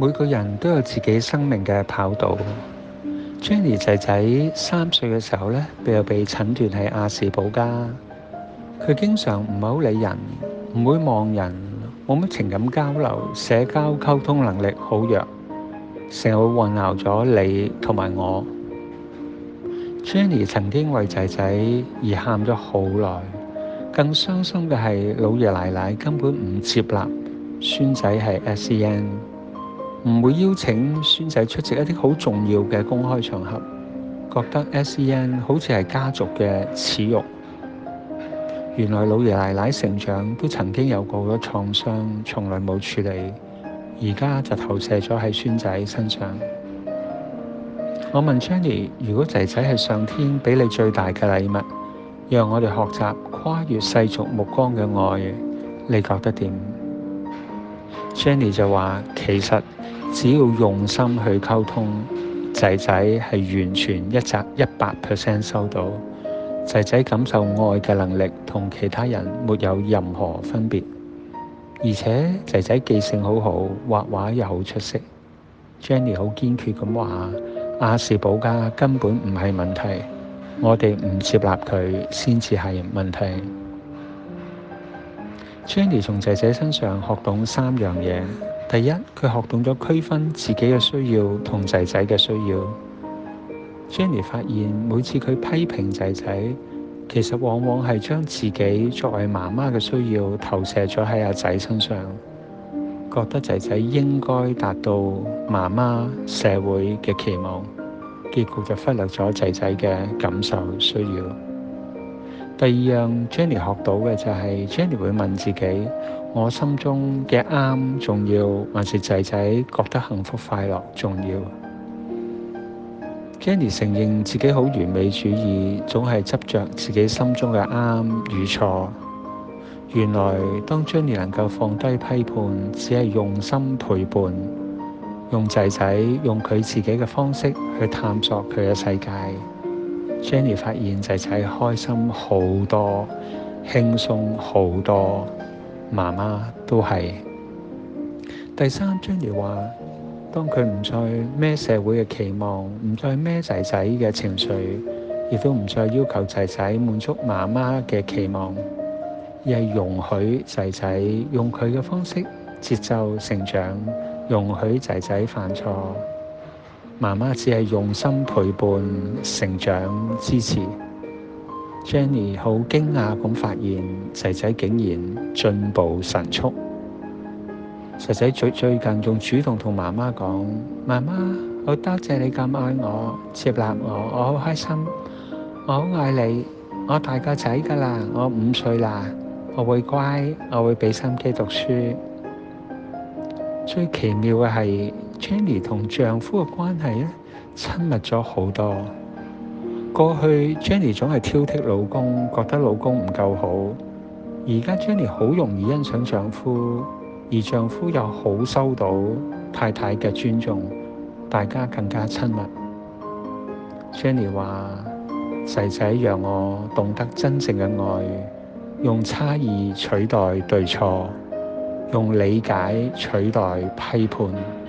每個人都有自己生命嘅跑道。Jenny 仔仔三歲嘅時候呢，佢，又被診斷係亞氏保加。佢經常唔好理人，唔會望人，冇乜情感交流，社交溝通能力好弱，成日會混淆咗你同埋我。Jenny 曾經為仔仔而喊咗好耐，更傷心嘅係老爺奶奶根本唔接納孫仔係 SCN。唔會邀請孫仔出席一啲好重要嘅公開場合，覺得 SEN 好似係家族嘅恥辱。原來老爺奶奶成長都曾經有過好多創傷，從來冇處理，而家就投射咗喺孫仔身上。我問 Jenny：如果仔仔係上天俾你最大嘅禮物，讓我哋學習跨越世俗目光嘅愛，你覺得點？Jenny 就話，其實只要用心去溝通，仔仔係完全一集一百 percent 收到，仔仔感受愛嘅能力同其他人沒有任何分別，而且仔仔記性好好，畫畫又好出色。Jenny 好堅決咁話，亞氏保加，根本唔係問題，我哋唔接納佢先至係問題。Jenny 從仔仔身上學懂三樣嘢。第一，佢學懂咗區分自己嘅需要同仔仔嘅需要。Jenny 發現每次佢批評仔仔，其實往往係將自己作為媽媽嘅需要投射咗喺阿仔身上，覺得仔仔應該達到媽媽社會嘅期望，結果就忽略咗仔仔嘅感受需要。第二樣 Jenny 學到嘅就係 Jenny 會問自己：我心中嘅啱重要，還是仔仔覺得幸福快樂重要？Jenny 承認自己好完美主義，總係執着自己心中嘅啱與錯。原來當 Jenny 能夠放低批判，只係用心陪伴，用仔仔、用佢自己嘅方式去探索佢嘅世界。Jenny 發現仔仔開心好多，輕鬆好多。媽媽都係。第三，Jenny 話：當佢唔再孭社會嘅期望，唔再孭仔仔嘅情緒，亦都唔再要求仔仔滿足媽媽嘅期望，而係容許仔仔用佢嘅方式、節奏成長，容許仔仔犯錯。媽媽只係用心陪伴、成長、支持。Jenny 好驚訝咁發現，仔仔竟然進步神速。仔仔最最近仲主動同媽媽講：媽媽，好多謝你咁愛我、接納我，我好開心，我好愛你。我大個仔㗎啦，我五歲啦，我會乖，我會畀心機讀書。最奇妙嘅係～Jenny 同丈夫嘅關係咧，親密咗好多。過去 Jenny 總係挑剔老公，覺得老公唔夠好。而家 Jenny 好容易欣賞丈夫，而丈夫又好收到太太嘅尊重，大家更加親密。Jenny 話：仔仔讓我懂得真正嘅愛，用差異取代對錯，用理解取代批判。